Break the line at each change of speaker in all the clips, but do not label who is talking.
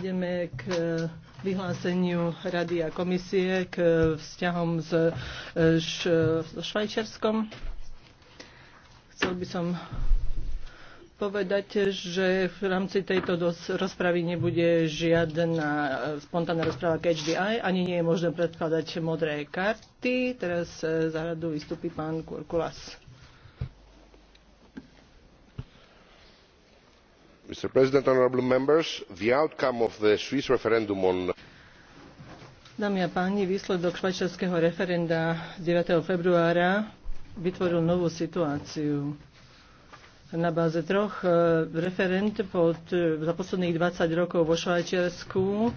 Ideme k e, vyhláseniu Rady a komisie k e, vzťahom s e, Švajčiarskom. Chcel by som povedať, že v rámci tejto rozpravy nebude žiadna spontánna rozpráva k HDI, ani nie je možné predkladať modré karty. Teraz za radu vystupí pán Kurkulas.
mr president honourable members the outcome of the swiss referendum on
Dámy a páni, výsledok švajčiarskeho referenda z. nine februára vytvoril novú situáciu. Na báze troch eh, referend eh, za posledných twenty rokov vo Švajčiarsku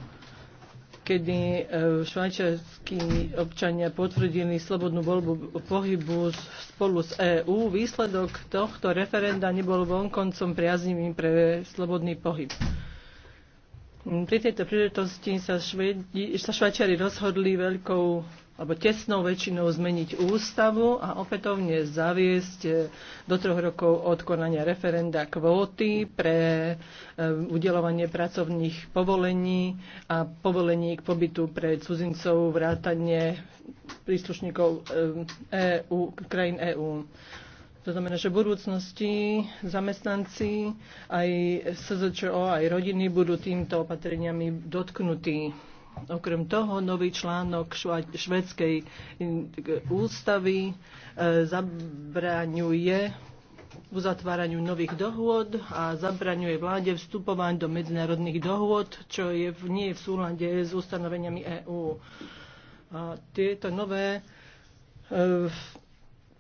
kedy e, švajčiarskí občania potvrdili slobodnú voľbu pohybu spolu s EÚ. Výsledok tohto referenda nebol vonkoncom priaznivým pre slobodný pohyb. Pri tejto príležitosti sa, Švedi, sa Švajčiari rozhodli veľkou alebo tesnou väčšinou zmeniť ústavu a opätovne zaviesť e, do troch rokov od konania referenda kvóty pre e, udelovanie pracovných povolení a povolení k pobytu pre cudzincov vrátanie príslušníkov EU, e krajín EÚ. To znamená, že v budúcnosti zamestnanci aj SZČO, aj rodiny budú týmto opatreniami dotknutí. Okrem toho nový článok švedskej ústavy e, zabraňuje uzatváraniu nových dohôd a zabraňuje vláde vstupovať do medzinárodných dohôd, čo je, v nie je v súlade s ustanoveniami EÚ. A tieto nové e,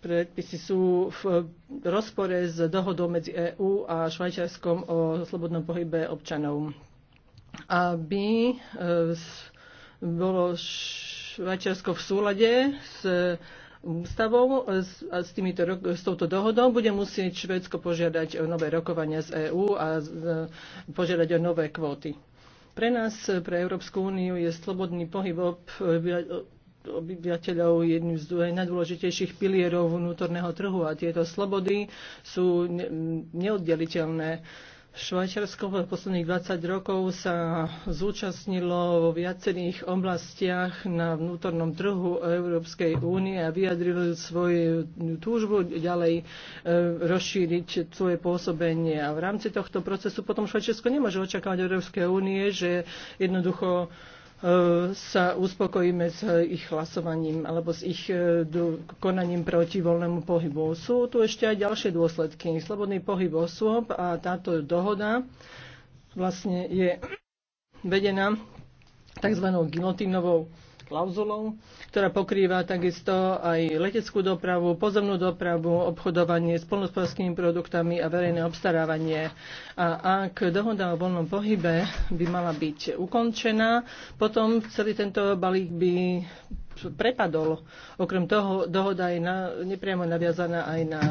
predpisy sú v rozpore s dohodou medzi EÚ a Švajčiarskom o slobodnom pohybe občanov aby eh, bolo Švajčiarsko v súlade s eh, ústavou eh, a s, týmito, s touto dohodou bude musieť Švédsko požiadať o nové rokovania z EÚ a požiadať o nové kvóty. Pre nás, pre Európsku úniu, je slobodný pohyb obyvateľov jedným z najdôležitejších pilierov vnútorného trhu a tieto slobody sú neoddeliteľné Švajčiarsko v posledných 20 rokov sa zúčastnilo vo viacerých oblastiach na vnútornom trhu Európskej únie a vyjadrilo svoju túžbu ďalej e, rozšíriť svoje pôsobenie. A v rámci tohto procesu potom Švajčiarsko nemôže očakávať Európskej únie, že jednoducho E, sa uspokojíme s ich hlasovaním alebo s ich e, konaním proti voľnému pohybu. Sú tu ešte aj ďalšie dôsledky. Slobodný pohyb osôb a táto dohoda vlastne je vedená tzv. gilotínovou klauzulou, ktorá pokrýva takisto aj leteckú dopravu, pozemnú dopravu, obchodovanie s polnospodárskými produktami a verejné obstarávanie. A ak dohoda o voľnom pohybe by mala byť ukončená, potom celý tento balík by prepadol. Okrem toho dohoda je na, nepriamo naviazaná aj na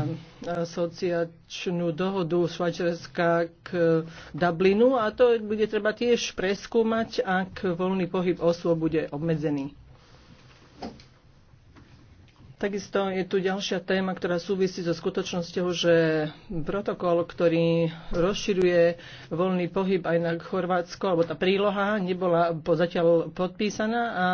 asociačnú dohodu Švajčiarska k Dublinu a to bude treba tiež preskúmať, ak voľný pohyb osôb bude obmedzený. Takisto je tu ďalšia téma, ktorá súvisí so skutočnosťou, že protokol, ktorý rozširuje voľný pohyb aj na Chorvátsko, alebo tá príloha nebola zatiaľ podpísaná a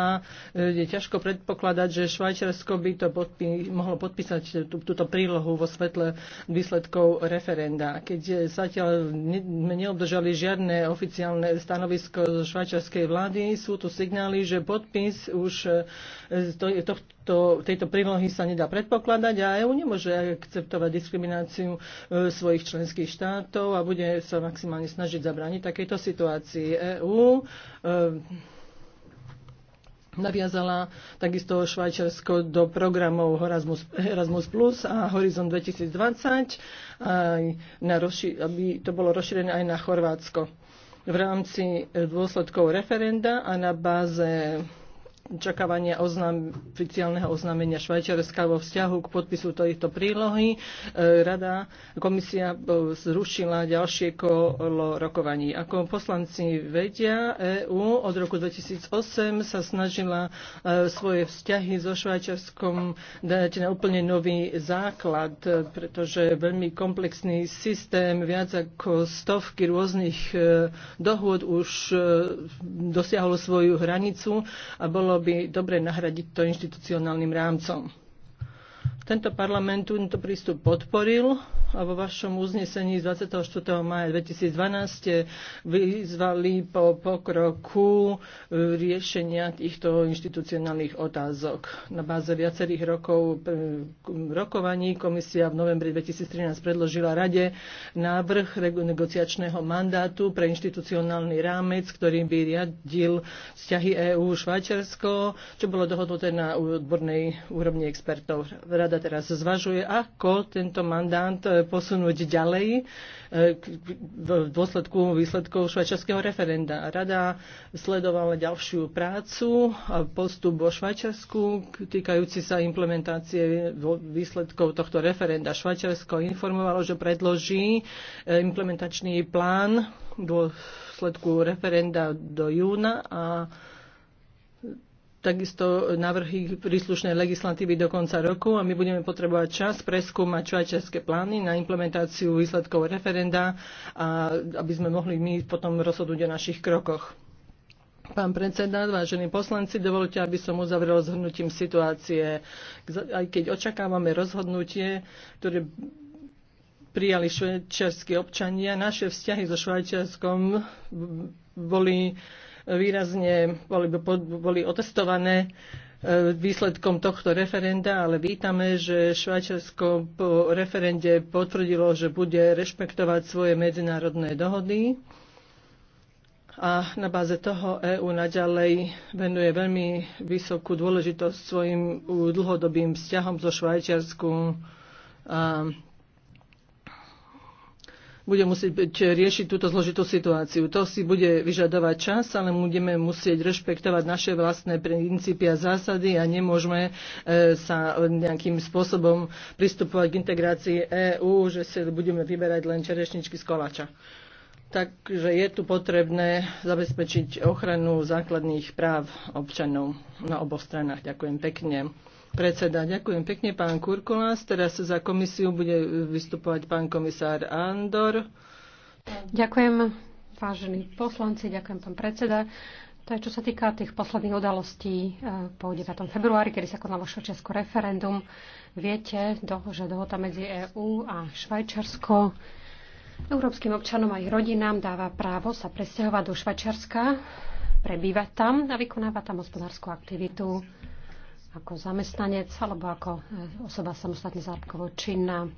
e, je ťažko predpokladať, že Švajčiarsko by to podpí- mohlo podpísať tú, túto prílohu vo svetle výsledkov referenda. Keď zatiaľ ne- neobdržali žiadne oficiálne stanovisko zo švajčiarskej vlády, sú tu signály, že podpis už e, to, to, tohto, tejto prílohy sa nedá predpokladať a EÚ nemôže akceptovať diskrimináciu e, svojich členských štátov a bude sa maximálne snažiť zabrániť takejto situácii. EÚ e, naviazala takisto Švajčiarsko do programov Erasmus, Erasmus Plus a Horizon 2020, aj na rozši- aby to bolo rozšírené aj na Chorvátsko. V rámci dôsledkov referenda a na báze očakávania oznám, oficiálneho oznámenia Švajčiarska vo vzťahu k podpisu tejto prílohy. E, Rada, komisia e, zrušila ďalšie kolo rokovaní. Ako poslanci vedia, EÚ od roku 2008 sa snažila e, svoje vzťahy so Švajčiarskom dať na úplne nový základ, pretože veľmi komplexný systém, viac ako stovky rôznych dohôd už dosiahol svoju hranicu a bolo by dobre nahradiť to inštitucionálnym rámcom. Tento parlament tento prístup podporil a vo vašom uznesení z 24. maja 2012 vyzvali po pokroku e, riešenia týchto inštitucionálnych otázok. Na báze viacerých rokov e, rokovaní komisia v novembri 2013 predložila rade návrh negociačného mandátu pre inštitucionálny rámec, ktorým by riadil vzťahy eú Švajčarsko, čo bolo dohodnuté na odbornej úrovni expertov. Rada teraz zvažuje, ako tento mandát eh, posunúť ďalej eh, v dôsledku výsledkov švajčiarského referenda. Rada sledovala ďalšiu prácu a postup vo Švajčiarsku týkajúci sa implementácie výsledkov tohto referenda. Švajčiarsko informovalo, že predloží eh, implementačný plán dôsledku referenda do júna a takisto navrhy príslušnej legislatívy do konca roku a my budeme potrebovať čas preskúmať švajčiarske plány na implementáciu výsledkov referenda, a aby sme mohli my potom rozhodnúť o našich krokoch. Pán predseda, vážení poslanci, dovolte, aby som uzavrel zhrnutím situácie. Aj keď očakávame rozhodnutie, ktoré prijali švajčiarskí občania, naše vzťahy so Švajčiarskom boli výrazne boli, boli otestované e, výsledkom tohto referenda, ale vítame, že Švajčiarsko po referende potvrdilo, že bude rešpektovať svoje medzinárodné dohody a na báze toho EÚ naďalej venuje veľmi vysokú dôležitosť svojim dlhodobým vzťahom so Švajčiarskou a bude musieť byť, eh, riešiť túto zložitú situáciu. To si bude vyžadovať čas, ale budeme musieť rešpektovať naše vlastné princípy a zásady a nemôžeme eh, sa nejakým spôsobom pristupovať k integrácii EÚ, že si budeme vyberať len čerešničky z kolača. Takže je tu potrebné zabezpečiť ochranu základných práv občanov na oboch stranách. Ďakujem pekne. Predseda, ďakujem pekne pán Kurkulás. Teraz za komisiu bude vystupovať pán komisár Andor.
Ďakujem, vážení poslanci, ďakujem pán predseda. To je, čo sa týka tých posledných udalostí eh, po 9. februári, kedy sa konalo Švajčiarsko referendum. Viete, do, že dohoda medzi EÚ a Švajčiarsko európskym občanom a ich rodinám dáva právo sa presťahovať do Švajčiarska, prebývať tam a vykonávať tam hospodárskú aktivitu ako zamestnanec alebo ako eh, osoba samostatne zárobkovo činná.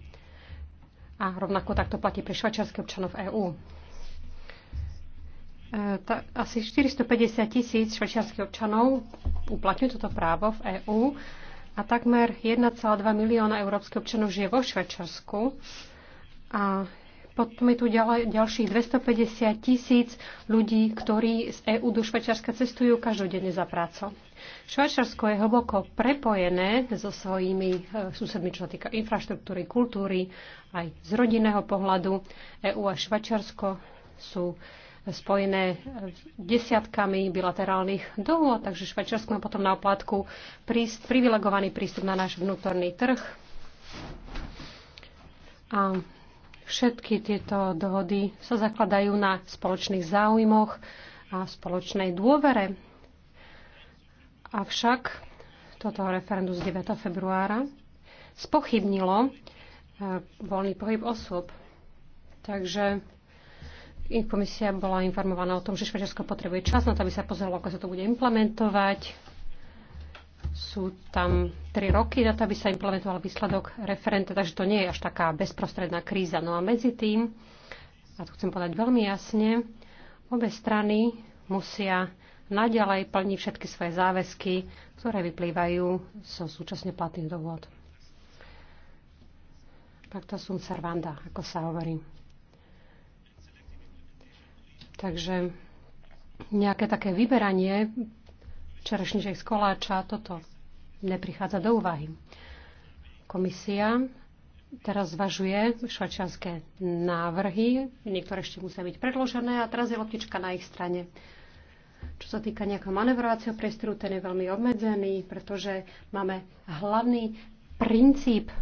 A rovnako takto platí pre švajčiarských občanov EÚ. Eh, asi 450 tisíc švajčiarských občanov uplatňuje toto právo v EÚ a takmer 1,2 milióna európskych občanov žije vo Švajčiarsku. A potom je tu ďalej, ďalších 250 tisíc ľudí, ktorí z EÚ do Švajčiarska cestujú každodenne za prácou. Švajčiarsko je hlboko prepojené so svojimi e, susedmi, čo sa týka infraštruktúry, kultúry, aj z rodinného pohľadu. EU a Švajčiarsko sú spojené desiatkami bilaterálnych dohôd, takže Švajčiarsko má potom na oplátku príst, privilegovaný prístup na náš vnútorný trh. A všetky tieto dohody sa zakladajú na spoločných záujmoch a spoločnej dôvere Avšak toto referendum z 9. februára spochybnilo e, voľný pohyb osôb. Takže komisia bola informovaná o tom, že Švečersko potrebuje čas na to, aby sa pozrelo, ako sa to bude implementovať. Sú tam tri roky na to, aby sa implementoval výsledok referenta, takže to nie je až taká bezprostredná kríza. No a medzi tým, a to chcem povedať veľmi jasne, obe strany musia naďalej plní všetky svoje záväzky, ktoré vyplývajú zo so súčasne platných dohôd. Pacta sunt servanda, ako sa hovorí. Takže nejaké také vyberanie včerajších z koláča, toto neprichádza do úvahy. Komisia teraz zvažuje švajčiarske návrhy, niektoré ešte musia byť predložené a teraz je loptička na ich strane. Čo sa týka nejakého manevrovacieho priestoru, ten je veľmi obmedzený, pretože máme hlavný princíp e,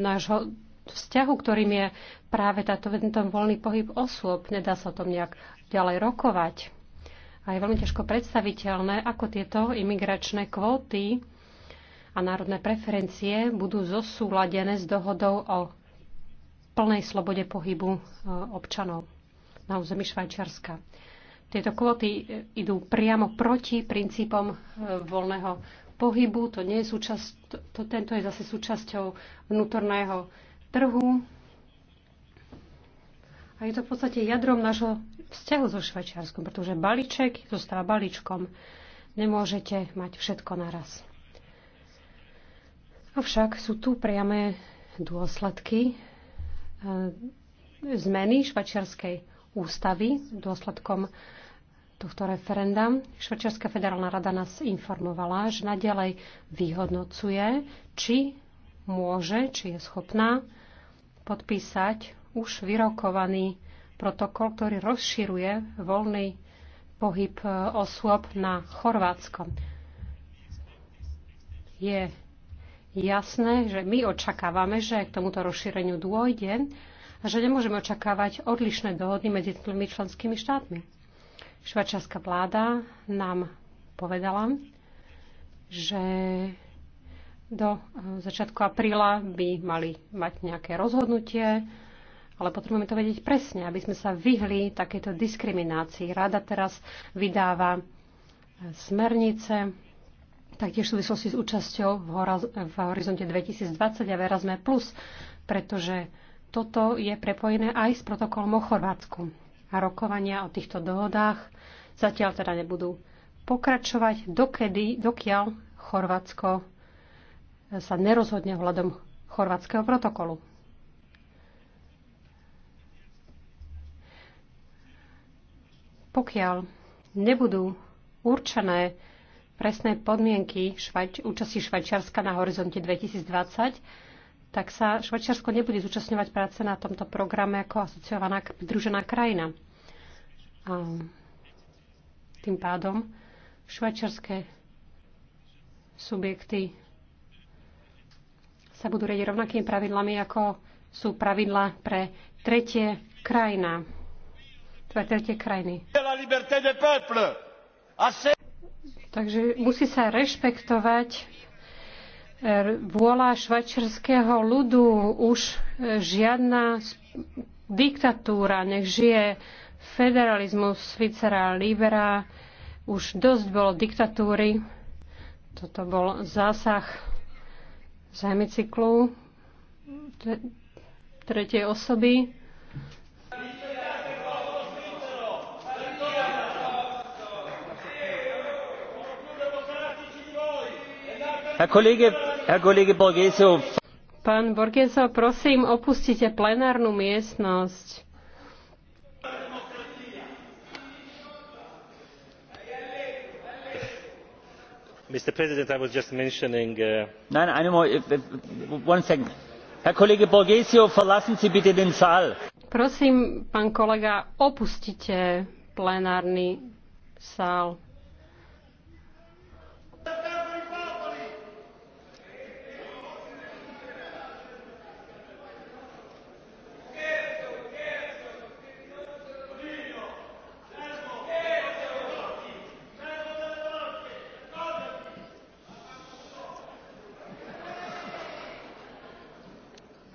nášho vzťahu, ktorým je práve táto, tento voľný pohyb osôb. Nedá sa o tom nejak ďalej rokovať. A je veľmi ťažko predstaviteľné, ako tieto imigračné kvóty a národné preferencie budú zosúladené s dohodou o plnej slobode pohybu e, občanov na území Švajčiarska. Tieto kvóty e, idú priamo proti princípom e, voľného pohybu. To nie je súčasť, to, tento je zase súčasťou vnútorného trhu. A je to v podstate jadrom nášho vzťahu so Švajčiarskom, pretože balíček zostáva balíčkom. Nemôžete mať všetko naraz. Avšak sú tu priame dôsledky e, zmeny švajčiarskej ústavy dôsledkom tohto referenda. Švajčiarska federálna rada nás informovala, že nadalej vyhodnocuje, či môže, či je schopná podpísať už vyrokovaný protokol, ktorý rozširuje voľný pohyb e, osôb na Chorvátsko. Je jasné, že my očakávame, že k tomuto rozšíreniu dôjde a že nemôžeme očakávať odlišné dohody medzi členskými štátmi. Švačarská vláda nám povedala, že do e, začiatku apríla by mali mať nejaké rozhodnutie, ale potrebujeme to vedieť presne, aby sme sa vyhli takéto diskriminácii. Rada teraz vydáva e, smernice, taktiež v súvislosti s účasťou v, v horizonte 2020 a Verazme Plus, pretože toto je prepojené aj s protokolom o Chorvátsku. A rokovania o týchto dohodách zatiaľ teda nebudú pokračovať, dokedy, dokiaľ Chorvátsko sa nerozhodne hľadom chorvátskeho protokolu. Pokiaľ nebudú určené presné podmienky švajč- účasti Švajčiarska na horizonte 2020, tak sa Švajčiarsko nebude zúčastňovať práce na tomto programe ako asociovaná pridružená krajina. A tým pádom švajčiarske subjekty sa budú riadiť rovnakými pravidlami, ako sú pravidla pre tretie krajina. Pre tretie krajiny. Takže musí sa rešpektovať eh, vôľa švajčiarského ľudu, už eh, žiadna diktatúra, nech žije Federalizmus Svicera Libera už dosť bolo diktatúry. Toto bol zásah z hemicyklu tretej osoby.
Herr Kollege, Herr Kollege Borgeso.
Pán Borgeso, prosím, opustite plenárnu miestnosť.
mr president i was just mentioning. Uh,
äh, äh, herr kollege borghezio verlassen sie bitte den
saal. prosím pán kolega opustite plenárny sál.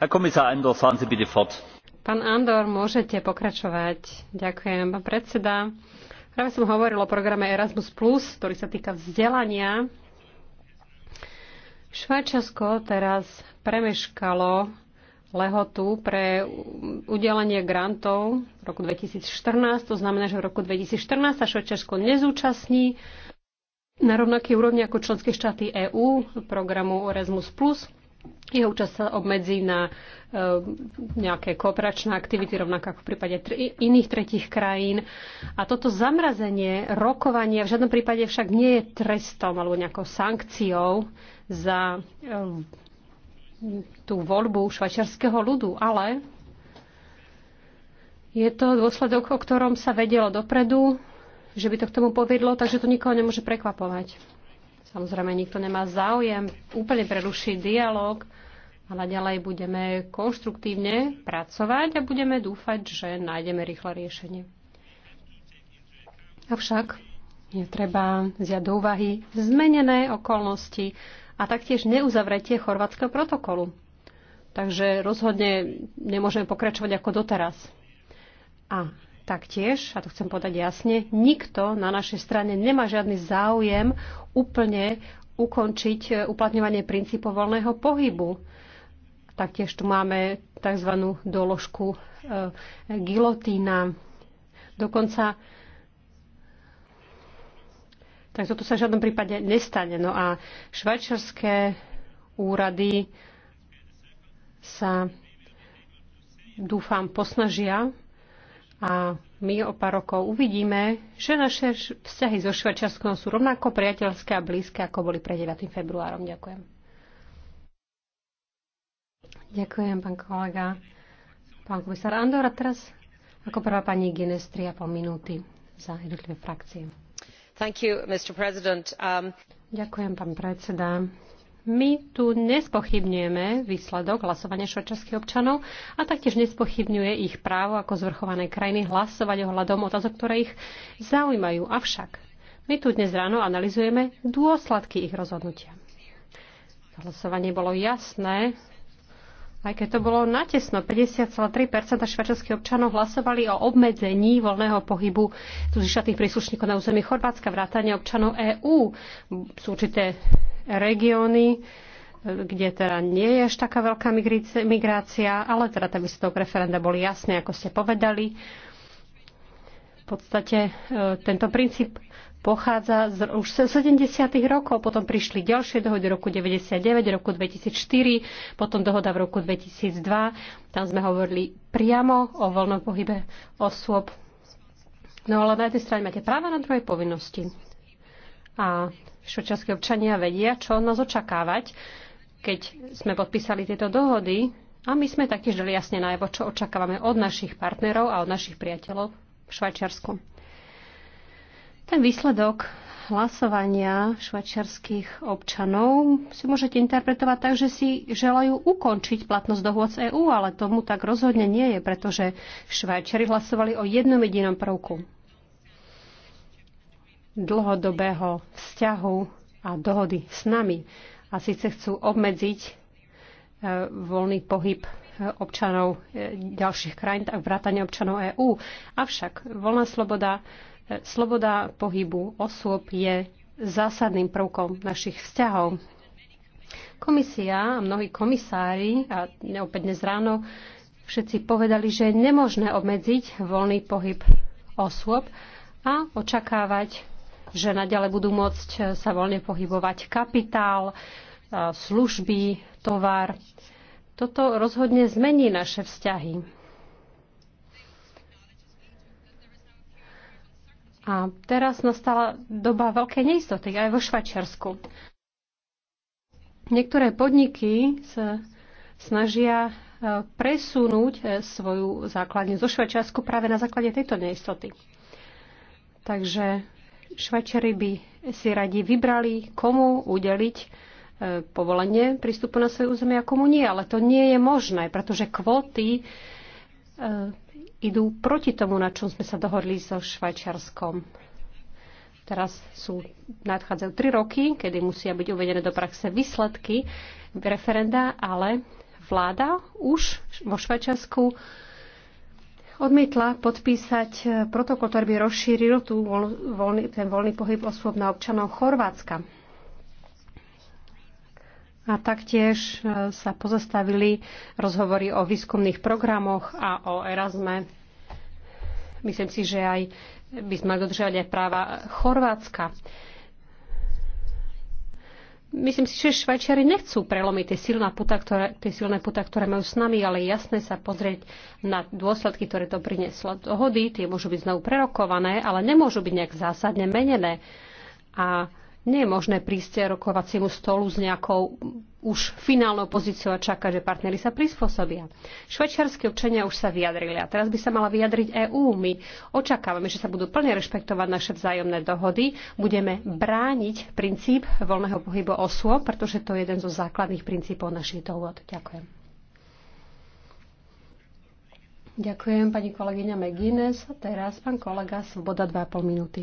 Pán Andor, môžete pokračovať. Ďakujem, pán predseda. Práve som hovoril o programe Erasmus+, ktorý sa týka vzdelania. Švajčiarsko teraz premeškalo lehotu pre udelenie grantov v roku 2014. To znamená, že v roku 2014 sa Švajčiarsko nezúčastní na rovnaký úrovni ako členské štáty EÚ programu Erasmus+. Jeho účasť sa obmedzí na eh, nejaké kooperačné aktivity, rovnako ako v prípade iných tretich krajín. A toto zamrazenie rokovania v žiadnom prípade však nie je trestom alebo nejakou sankciou za eh, tú voľbu švajčiarského ľudu, ale je to dôsledok, o ktorom sa vedelo dopredu, že by to k tomu povedlo, takže to nikoho nemôže prekvapovať. Samozrejme, nikto nemá záujem úplne prerušiť dialog, a naďalej budeme konštruktívne pracovať a budeme dúfať, že nájdeme rýchle riešenie. Avšak je treba vziať do úvahy zmenené okolnosti a taktiež neuzavretie chorvátskeho protokolu. Takže rozhodne nemôžeme pokračovať ako doteraz. A taktiež, a to chcem povedať jasne, nikto na našej strane nemá žiadny záujem úplne ukončiť uplatňovanie princípov voľného pohybu. Taktiež tu máme tzv. doložku e, gilotína. Dokonca tak toto sa v žiadnom prípade nestane. No a švajčarské úrady sa dúfam posnažia a my o pár rokov uvidíme, že naše vzťahy so Švajčiarskom sú rovnako priateľské a blízke, ako boli pred 9. februárom. Ďakujem. Ďakujem, pán kolega. Pán komisár Andor, a teraz ako prvá pani Guinness po minúty za jednotlivé frakcie. Thank you, Mr. President. Um... Ďakujem, pán predseda. My tu nespochybňujeme výsledok hlasovania švajčiarských občanov a taktiež nespochybňuje ich právo ako zvrchované krajiny hlasovať ohľadom otázok, ktoré ich zaujímajú. Avšak my tu dnes ráno analizujeme dôsledky ich rozhodnutia. Hlasovanie bolo jasné aj keď to bolo natesno, 50,3% švajčiarských občanov hlasovali o obmedzení voľného pohybu tuzišatných príslušníkov na území Chorvátska, vrátane občanov EÚ. Sú určité regióny, kde teda nie je až taká veľká migrácia, ale teda tam by ste to referenda boli jasné, ako ste povedali. V podstate e, tento princíp pochádza z už z 70. rokov, potom prišli ďalšie dohody roku 99, roku 2004, potom dohoda v roku 2002. Tam sme hovorili priamo o voľnom pohybe osôb. No ale na jednej strane máte práva, na druhej povinnosti. A švečarskí občania vedia, čo nás očakávať, keď sme podpísali tieto dohody. A my sme taktiež dali jasne najevo, čo očakávame od našich partnerov a od našich priateľov v Švajčiarsku. Ten výsledok hlasovania švajčiarských občanov si môžete interpretovať tak, že si želajú ukončiť platnosť dohôd z EÚ, ale tomu tak rozhodne nie je, pretože Švajčiari hlasovali o jednom jedinom prvku dlhodobého vzťahu a dohody s nami. A síce chcú obmedziť e, voľný pohyb občanov e, ďalších krajín, tak vrátane občanov EÚ. Avšak voľná sloboda, e, sloboda pohybu osôb je zásadným prvkom našich vzťahov. Komisia a mnohí komisári, a opäť dnes ráno, všetci povedali, že je nemožné obmedziť voľný pohyb osôb a očakávať, že naďalej budú môcť sa voľne pohybovať kapitál, e, služby, tovar. Toto rozhodne zmení naše vzťahy. A teraz nastala doba veľkej neistoty aj vo Švajčiarsku. Niektoré podniky sa snažia e, presunúť e, svoju základňu zo Švajčiarsku práve na základe tejto neistoty. Takže Švajčari by si radi vybrali, komu udeliť E, povolenie prístupu na svoje územie a komu nie. Ale to nie je možné, pretože kvóty e, idú proti tomu, na čom sme sa dohodli so Švajčiarskom. Teraz sú, nadchádzajú tri roky, kedy musia byť uvedené do praxe výsledky referenda, ale vláda už vo Švajčiarsku odmietla podpísať e, protokol, ktorý by rozšíril tú voľný, ten voľný pohyb osôb na občanov Chorvátska a taktiež e, sa pozastavili rozhovory o výskumných programoch a o Erasme. Myslím si, že aj by sme dodržiavali aj práva Chorvátska. Myslím si, že Švajčiari nechcú prelomiť tie silné, puta, ktoré, tie silné puta, ktoré majú s nami, ale jasné sa pozrieť na dôsledky, ktoré to prinieslo. Dohody, tie môžu byť znovu prerokované, ale nemôžu byť nejak zásadne menené. A nie je možné prísť rokovaciemu stolu s nejakou už finálnou pozíciou a čakať, že partnery sa prispôsobia. Švajčiarske občania už sa vyjadrili a teraz by sa mala vyjadriť EÚ. My očakávame, že sa budú plne rešpektovať naše vzájomné dohody. Budeme brániť princíp voľného pohybu osôb, pretože to je jeden zo základných princípov našich dohod. Ďakujem. Ďakujem pani kolegyňa McGuinness. A teraz pán kolega Svoboda 2,5 minúty.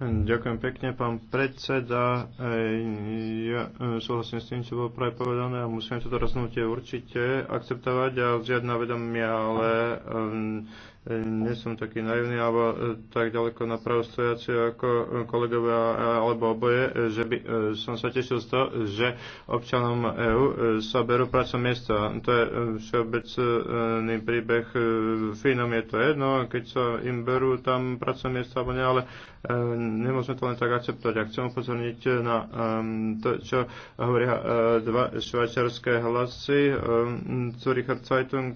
Ďakujem pekne, pán predseda. Ja e, súhlasím s tým, čo bolo práve povedané a musíme toto rozhodnutie určite akceptovať a žiadna vedomia, ale um, nie som taký naivný alebo e, tak ďaleko na pravostojaci ako e, kolegovia e, alebo oboje, že by som sa tešil z toho, že občanom EÚ sa berú pracom miesta. To je všeobecný príbeh. Fínom je to jedno, keď sa im berú tam pracom miesta alebo nie, ale nemôžeme to len tak akceptovať. Ak chcem upozorniť na to, čo hovoria dva švajčiarské hlasy. Zuricher Zeitung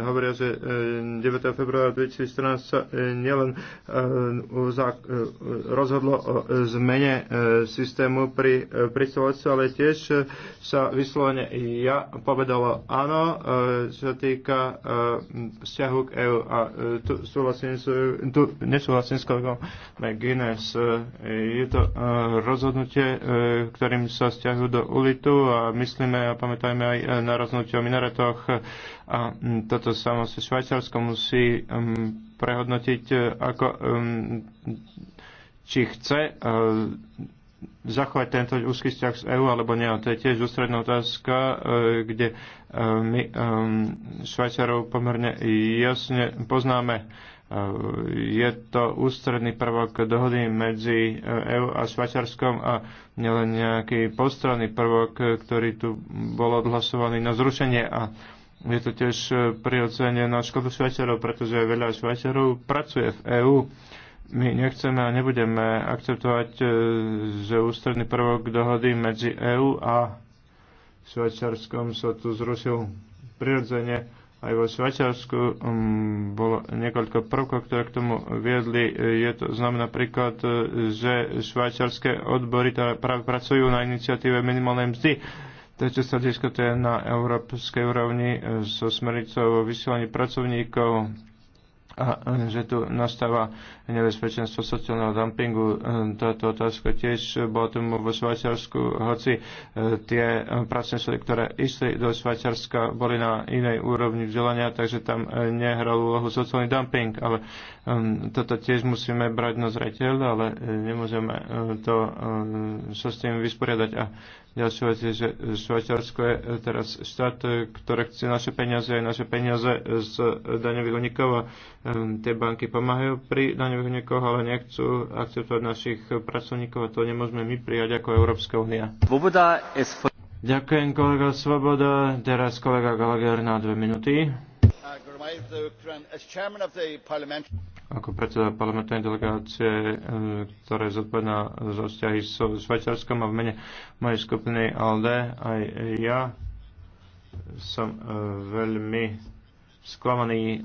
hovoria, že 9. februára februára 2014 sa e, nielen e, e, rozhodlo o zmene systému pri pristahovalectve, ale tiež sa vyslovene ja povedalo áno, čo sa týka vzťahu k EU. A tu, súhlasím, tu nesúhlasím s kolegom McGuinness. Je to rozhodnutie, ktorým sa vzťahujú do ulitu a myslíme a pamätajme aj na rozhodnutie o minaretoch a mm, toto samo sa Švajčiarsko musí mm, prehodnotiť, e, ako, mm, či chce e, zachovať tento úzky vzťah s EÚ alebo nie. To je tiež ústredná otázka, e, kde my Švajcarov pomerne jasne poznáme. Je to ústredný prvok dohody medzi EU a Švajčarskom a nielen nejaký postranný prvok, ktorý tu bol odhlasovaný na zrušenie. A je to tiež e, prirodzene na škodu Švajčiarov, pretože veľa Švajčiarov pracuje v EÚ. My nechceme a nebudeme akceptovať, e, že ústredný prvok dohody medzi EÚ a Švajčiarskom sa tu zrušil prirodzene. Aj vo Švajčiarsku bolo niekoľko prvkov, ktoré k tomu viedli. E, je to znamená napríklad, že švajčiarske odbory teda práve pracujú na iniciatíve minimálnej mzdy to, čo to je na európskej úrovni e, so smericou o vysielaní pracovníkov, a že tu nastáva nebezpečenstvo sociálneho dumpingu. E, táto otázka tiež bola tomu vo Švajčiarsku, hoci e, tie pracovné sily, ktoré išli do Švajčiarska, boli na inej úrovni vzdelania, takže tam nehral úlohu sociálny dumping, ale toto tiež musíme brať na zreteľ, ale nemôžeme to sa s tým vysporiadať. A Ďalšia vec je, že Švajčiarsko je teraz štát, ktoré chce naše peniaze aj naše peniaze z daňových unikov a ehm, tie banky pomáhajú pri daňových unikoch, ale nechcú akceptovať našich pracovníkov a to nemôžeme my prijať ako Európska únia. Ďakujem kolega Svoboda, teraz kolega Gallagher na dve minúty. Ako predseda parlamentnej delegácie, e, ktorá je zodpovedná za vzťahy s so Švajčiarskom a v mene mojej skupiny ALDE, aj ja som e, veľmi sklamaný e,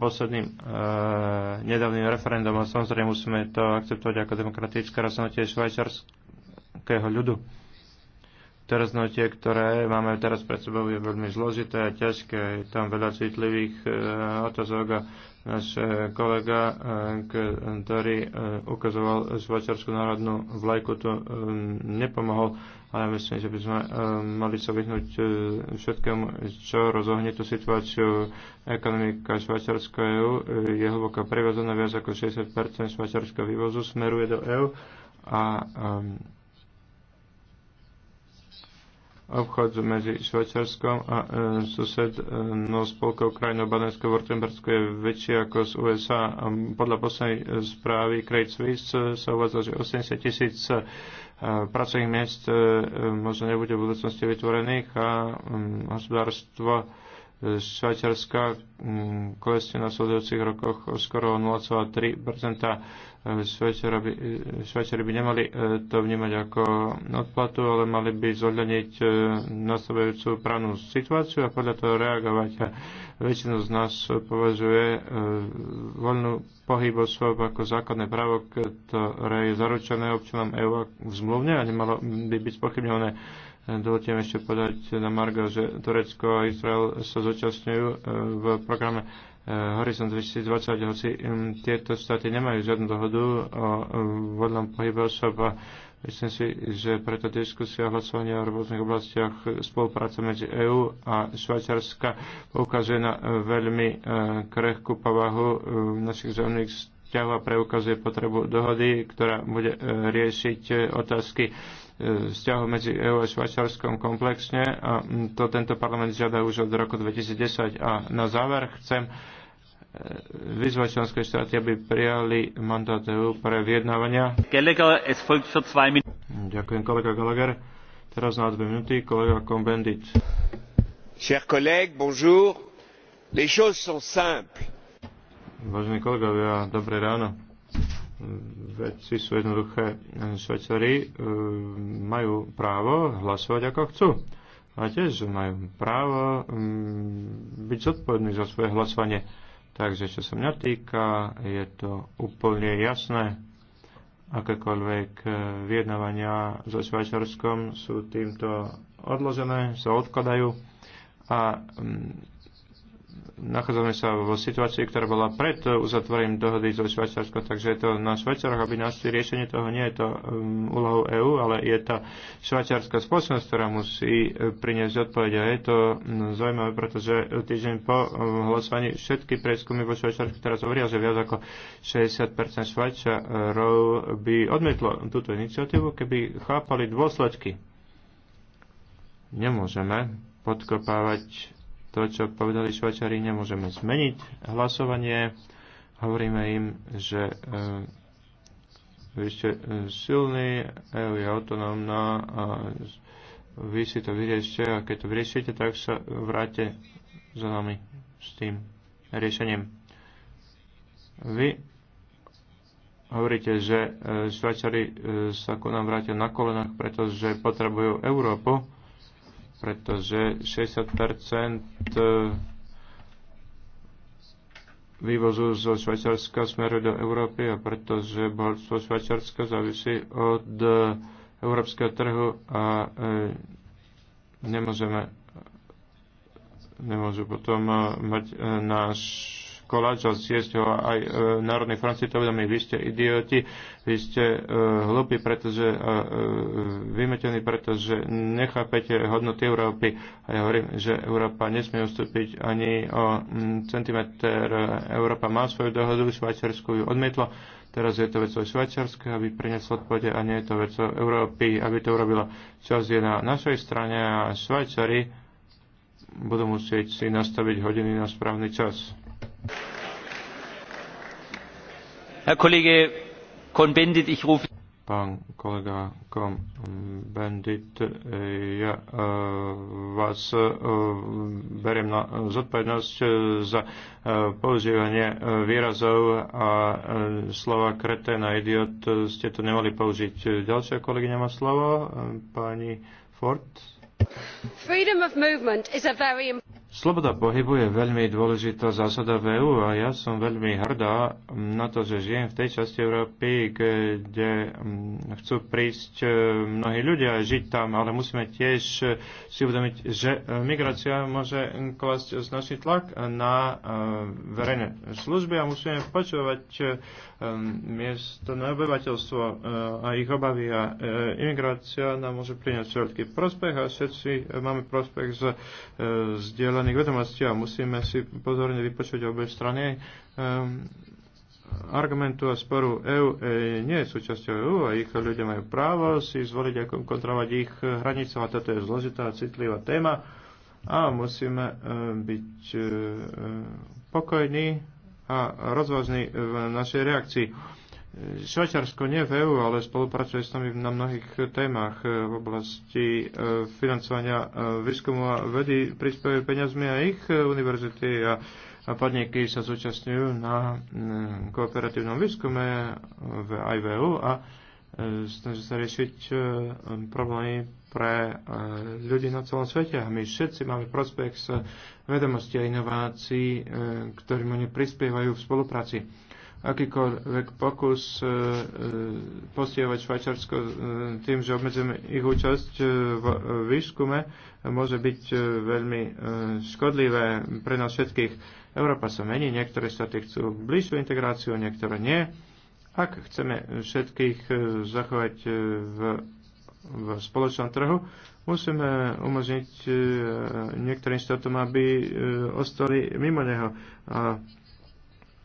posledným nedávnym referendum a samozrejme musíme to akceptovať ako demokratické rozhodnutie švajčiarského ľudu trznutie, ktoré máme teraz pred sebou, je veľmi zložité a ťažké. Je tam veľa citlivých otázok a náš kolega, ktorý ukazoval švajčiarsku národnú vlajku, to nepomohol ale myslím, že by sme mali sa vyhnúť všetkému, čo rozohne tú situáciu. Ekonomika Švajčiarska EU je hlboko prevazená, viac ako 60% švajčiarského vývozu smeruje do EU a Obchod medzi Švajčiarskom a e, susednou e, spolkou krajinou Badensko Vortembersko je väčší ako z USA. a Podľa poslednej e, správy Credit Suisse sa uvádza, že 80 tisíc e, pracovných miest možno nebude v budúcnosti vytvorených a hospodárstvo Švajčiarska mm, klesne na sledujúcich rokoch skoro 0,3 e, Švajčiari e, by nemali e, to vnímať ako odplatu, ale mali by zohľadniť nastavujúcu právnu situáciu a podľa toho reagovať. A väčšinu z nás považuje voľnú pohyb osôb ako základné právo, ktoré je zaručené občanom EU v zmluvne a nemalo by byť spochybňované Dovolte mi ešte podať na Margo, že Turecko a Izrael sa zúčastňujú e, v programe e, Horizon 2020, hoci tieto štáty nemajú žiadnu dohodu o e, voľnom pohybe osob a myslím si, že preto diskusia a hlasovania o rôznych oblastiach spolupráce medzi EÚ a Švajčarska poukazuje na veľmi krehkú povahu našich zemných vzťahov a preukazuje potrebu dohody, ktorá bude riešiť otázky vzťahu medzi EU a Švajčiarskom komplexne a to tento parlament žiada už od roku 2010. A na záver chcem e, vyzvať členské štáty, aby prijali mandát EU pre vyjednávania. Ďakujem, kolega Gallagher. Teraz na dve minúty, kolega Kombendit. Chers collègues, bonjour. Les choses sont simples. Vážení kolegovia, dobré ráno veci sú jednoduché. Švajčari e, majú právo hlasovať ako chcú. A tiež majú právo mm, byť zodpovední za svoje hlasovanie. Takže čo sa mňa týka, je to úplne jasné. Akékoľvek e, vyjednávania so Švajčarskom sú týmto odložené, sa odkladajú a mm, nachádzame sa vo situácii, ktorá bola pred uzatvorením dohody so Švajčiarskom, takže je to na Švajčiaroch, aby našli riešenie toho. Nie je to um, úlohou EÚ, ale je tá švajčiarska spoločnosť, ktorá musí e, priniesť odpovede. A je to um, zaujímavé, pretože týždeň po um, hlasovaní všetky prieskumy vo Švajčiarsku teraz hovoria, že viac ako 60% Švajčiarov by odmietlo túto iniciatívu, keby chápali dôsledky. Nemôžeme podkopávať to, čo povedali Švajčari, nemôžeme zmeniť hlasovanie. Hovoríme im, že e, vy ste e, silní, EU je autonómna a vy si to vyriešte a keď to vyriešite, tak sa vráte za nami s tým riešením. Vy hovoríte, že e, Švajčari e, sa ku nám vrátia na kolenách, pretože potrebujú Európu pretože 60 e, vývozu zo Švajčiarska smeru do Európy a pretože bohatstvo Švajčiarska závisí od e, európskeho trhu a e, nemôžeme nemôžu potom mať náš koláč a zjesť ho aj v Národnej Francii, to vedomí, vy ste idioti, vy ste e, hlúpi, pretože e, e, vymetení, pretože nechápete hodnoty Európy. A ja hovorím, že Európa nesmie ustúpiť ani o centimetr. Európa má svoju dohodu, Švajčiarsku ju odmietlo. Teraz je to o Švajčiarske, aby prinieslo odpovede a nie je to o Európy, aby to urobila. Čas je na našej strane a Švajčari budú musieť si nastaviť hodiny na správny čas. Herr Kollege cohn ich rufe... Pán kolega Cohn-Bendit, ja e, vás e, beriem na zodpovednosť e, za e, používanie e, výrazov a e, slova kretén a idiot e, ste to nemali použiť. Ďalšia kolegyňa má slovo, pani Ford.
Freedom of movement is a very important
Sloboda pohybu je veľmi dôležitá zásada v EU a ja som veľmi hrdá na to, že žijem v tej časti Európy, kde mm, chcú prísť e, mnohí ľudia a žiť tam, ale musíme tiež si uvedomiť, že e, migrácia môže klasť značný tlak na e, verejné služby a musíme počúvať Ehm, miestne obyvateľstvo eh, a ich obavy a eh, imigrácia nám môže priniesť veľký prospech a všetci eh, máme prospech z zdieľaných vedomostí a musíme si pozorne vypočuť obe strany ehm, argumentu a sporu EU e, nie je súčasťou EU a ich ľudia majú právo si zvoliť, ako kontrolovať ich hranice a toto je zložitá a citlivá téma a musíme e, byť e, pokojní a rozvážny v e, našej reakcii. Švajčiarsko nie v EÚ, ale spolupracuje s nami na mnohých témach e, v oblasti e, financovania výskumu a vedy, prispievajú peniazmi a ich univerzity a podniky sa zúčastňujú na kooperatívnom výskume v IVU a snaží sa riešiť problémy pre e, ľudí na celom svete. A my všetci máme prospech z vedomosti a inovácií, e, ktorým oni prispievajú v spolupráci. Akýkoľvek pokus e, postievať Švajčarsko tým, že obmedzujeme ich účasť v výskume, môže byť veľmi škodlivé pre nás všetkých. Európa sa mení, niektoré štáty chcú bližšiu integráciu, niektoré nie. Ak chceme všetkých zachovať v v spoločnom trhu, musíme umožniť e, niektorým štátom, aby e, ostali mimo neho. A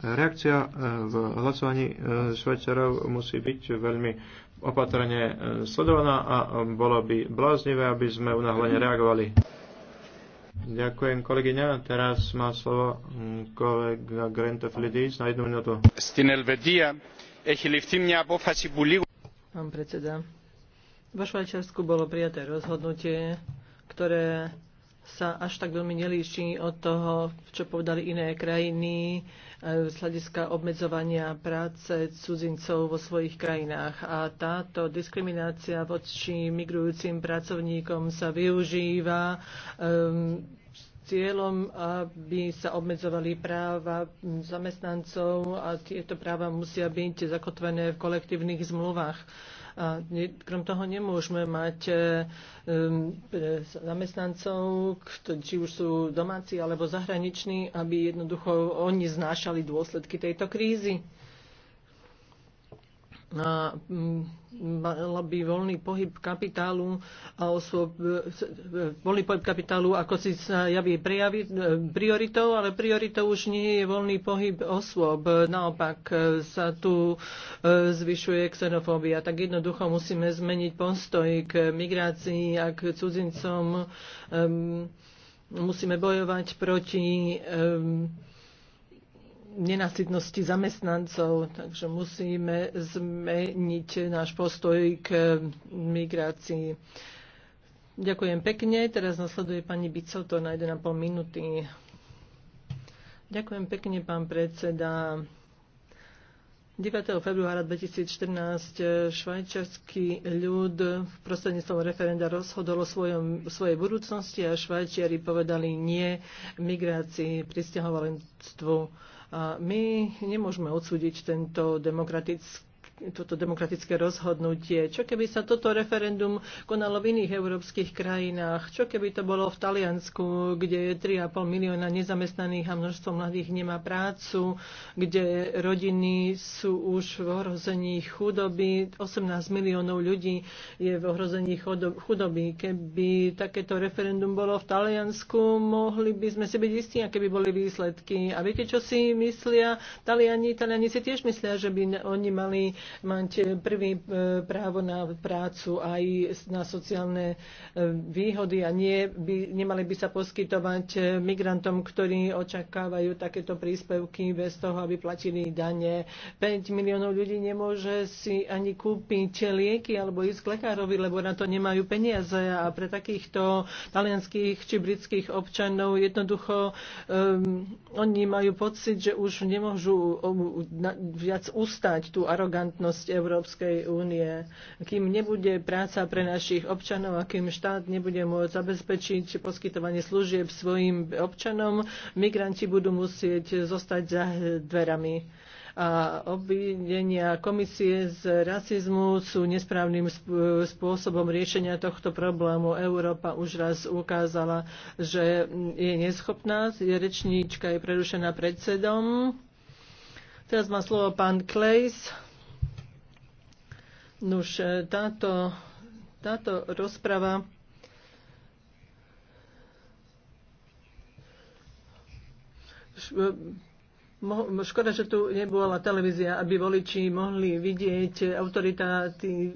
reakcia e, v hlasovaní Švajčarov musí byť veľmi opatrne sledovaná a bolo by bláznivé, aby sme unáhlene reagovali. Ďakujem, kolegyňa. Teraz má slovo mm, kolega Grentoflidis na jednu minútu.
Pán predseda, vo Švajčiarsku bolo prijaté rozhodnutie, ktoré sa až tak veľmi nelíši od toho, čo povedali iné krajiny eh, z hľadiska obmedzovania práce cudzincov vo svojich krajinách. A táto diskriminácia voči migrujúcim pracovníkom sa využíva um, cieľom, aby sa obmedzovali práva zamestnancov a tieto práva musia byť zakotvené v kolektívnych zmluvách a krom toho nemôžeme mať e, e, zamestnancov, či už sú domáci alebo zahraniční, aby jednoducho oni znášali dôsledky tejto krízy a mala by voľný pohyb kapitálu a osôb, e, e, voľný pohyb kapitálu ako si sa javí prejavi, e, prioritou, ale prioritou už nie je voľný pohyb osôb. Naopak sa tu zvyšuje xenofóbia. Tak jednoducho musíme zmeniť postoj k migrácii a k cudzincom. Musíme bojovať proti nenasytnosti zamestnancov, takže musíme zmeniť náš postoj k migrácii. Ďakujem pekne. Teraz nasleduje pani Bicoto na 1,5 minúty. Ďakujem pekne, pán predseda. 9. februára 2014 švajčiarsky ľud v prostredníctvom referenda rozhodol o svojom, svojej budúcnosti a Švajčiari povedali nie migrácii, pristahovalenstvu. My nemôžeme odsúdiť tento demokratický toto demokratické rozhodnutie. Čo keby sa toto referendum konalo v iných európskych krajinách? Čo keby to bolo v Taliansku, kde je 3,5 milióna nezamestnaných a množstvo mladých nemá prácu, kde rodiny sú už v ohrození chudoby, 18 miliónov ľudí je v ohrození chudoby. Keby takéto referendum bolo v Taliansku, mohli by sme si byť istí, aké by boli výsledky. A viete, čo si myslia Taliani? Taliani si tiež myslia, že by oni mali mať e, prvý e, právo na prácu aj na sociálne e, výhody a nie by, nemali by sa poskytovať migrantom, ktorí očakávajú takéto príspevky bez toho, aby platili dane. 5 miliónov ľudí nemôže si ani kúpiť lieky alebo ísť k lekárovi, lebo na to nemajú peniaze a pre takýchto talianských či britských občanov jednoducho um, oni majú pocit, že už nemôžu um, na, viac ustať tú arogantnú relevantnosť Európskej únie. Kým nebude práca pre našich občanov a kým štát nebude môcť zabezpečiť poskytovanie služieb svojim občanom, migranti budú musieť zostať za dverami a obvinenia komisie z rasizmu sú nesprávnym spôsobom riešenia tohto problému. Európa už raz ukázala, že je neschopná. Rečníčka je prerušená predsedom. Teraz má slovo pán Klejs. Nuž, e, táto, táto rozprava Škoda, že tu nebola televízia, aby voliči mohli vidieť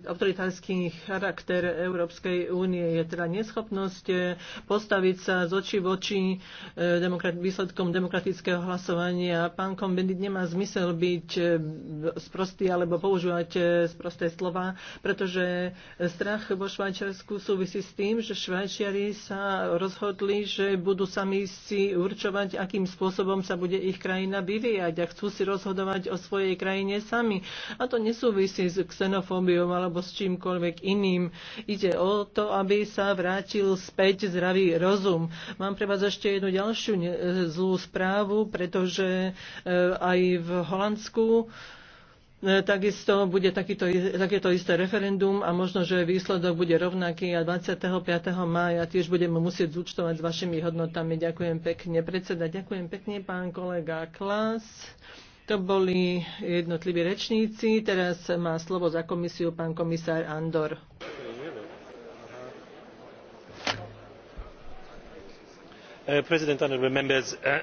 autoritársky charakter Európskej únie. Je teda neschopnosť eh, postaviť sa z očí v oči eh, demokrat- výsledkom demokratického hlasovania. Pán Kombendit nemá zmysel byť eh, sprostý alebo používať sprosté slova, pretože strach vo Švajčiarsku súvisí s tým, že Švajčiari sa rozhodli, že budú sami si určovať, akým spôsobom sa bude ich krajina vyvíjať a chcú si rozhodovať o svojej krajine sami. A to nesúvisí s xenofóbiou alebo s čímkoľvek iným. Ide o to, aby sa vrátil späť zdravý rozum. Mám pre vás ešte jednu ďalšiu zlú správu, pretože e, aj v Holandsku E, takisto bude takýto, takéto isté referendum a možno, že výsledok bude rovnaký a 25. mája tiež budeme musieť zúčtovať s vašimi hodnotami. Ďakujem pekne, predseda. Ďakujem pekne, pán kolega Klas. To boli jednotliví rečníci. Teraz má slovo za komisiu pán komisár Andor.
Uh, president honorable members uh,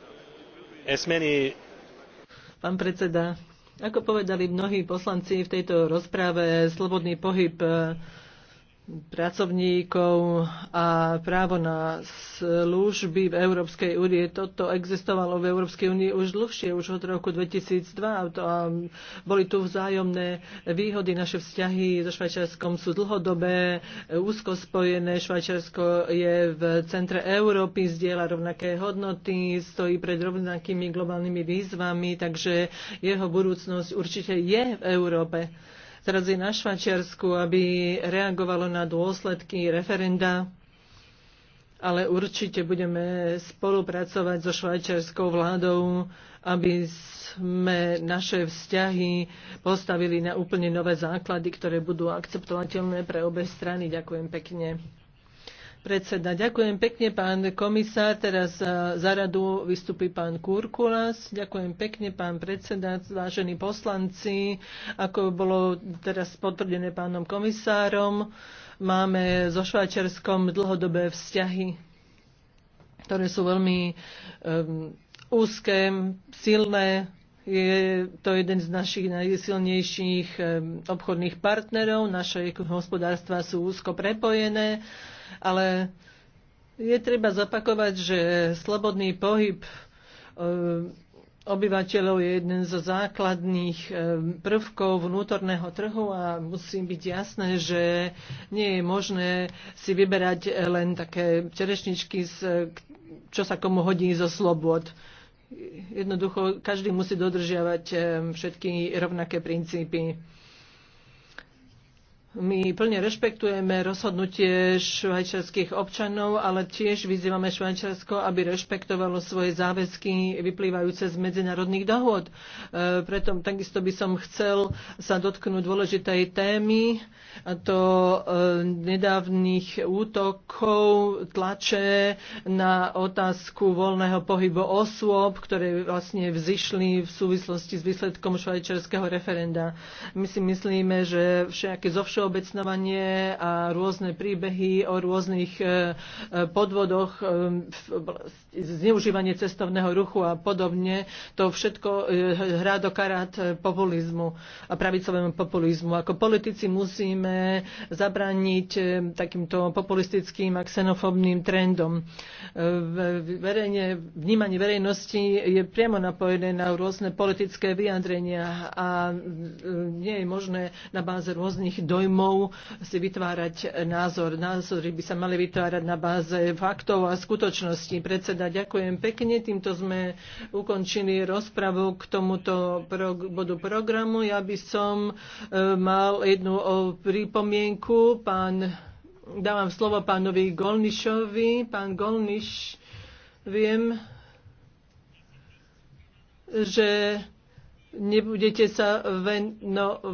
as many
Pán predseda, ako povedali mnohí poslanci v tejto rozprave, slobodný pohyb pracovníkov a právo na služby v Európskej únie. Toto existovalo v Európskej únie už dlhšie, už od roku 2002. A boli tu vzájomné výhody. Naše vzťahy so Švajčiarskom sú dlhodobé, úzko spojené. Švajčiarsko je v centre Európy, zdieľa rovnaké hodnoty, stojí pred rovnakými globálnymi výzvami, takže jeho budúcnosť určite je v Európe je na Švačiarsku, aby reagovalo na dôsledky referenda ale určite budeme spolupracovať so švajčiarskou vládou, aby sme naše vzťahy postavili na úplne nové základy, ktoré budú akceptovateľné pre obe strany. Ďakujem pekne predseda. Ďakujem pekne, pán komisár. Teraz e, za radu vystupí pán Kurkulas. Ďakujem pekne, pán predseda, vážení poslanci. Ako bolo teraz potvrdené pánom komisárom, máme so Švajčiarskom dlhodobé vzťahy, ktoré sú veľmi um, úzké, silné, je to jeden z našich najsilnejších obchodných partnerov. Naše hospodárstva sú úzko prepojené ale je treba zapakovať, že slobodný pohyb e, obyvateľov je jeden zo základných e, prvkov vnútorného trhu a musí byť jasné, že nie je možné si vyberať len také čerešničky, e, čo sa komu hodí zo slobod. Jednoducho každý musí dodržiavať všetky rovnaké princípy. My plne rešpektujeme rozhodnutie švajčiarských občanov, ale tiež vyzývame Švajčiarsko, aby rešpektovalo svoje záväzky vyplývajúce z medzinárodných dohôd. E, preto takisto by som chcel sa dotknúť dôležitej témy, a to e, nedávnych útokov, tlače na otázku voľného pohybu osôb, ktoré vlastne vzýšli v súvislosti s výsledkom švajčiarského referenda. My si myslíme, že všetky zovšeobecné všeobecnovanie a rôzne príbehy o rôznych e, e, podvodoch, e, zneužívanie cestovného ruchu a podobne, to všetko hrá do karát populizmu a pravicovému populizmu. Ako politici musíme zabrániť takýmto populistickým a xenofobným trendom. Verejne, vnímanie verejnosti je priamo napojené na rôzne politické vyjadrenia a nie je možné na báze rôznych dojmov dojmov si vytvárať názor. Názory by sa mali vytvárať na báze faktov a skutočností. Predseda, ďakujem pekne. Týmto sme ukončili rozpravu k tomuto bodu programu. Ja by som e, mal jednu pripomienku. Pán, dávam slovo pánovi Golnišovi. Pán Golniš, viem, že nebudete sa venovať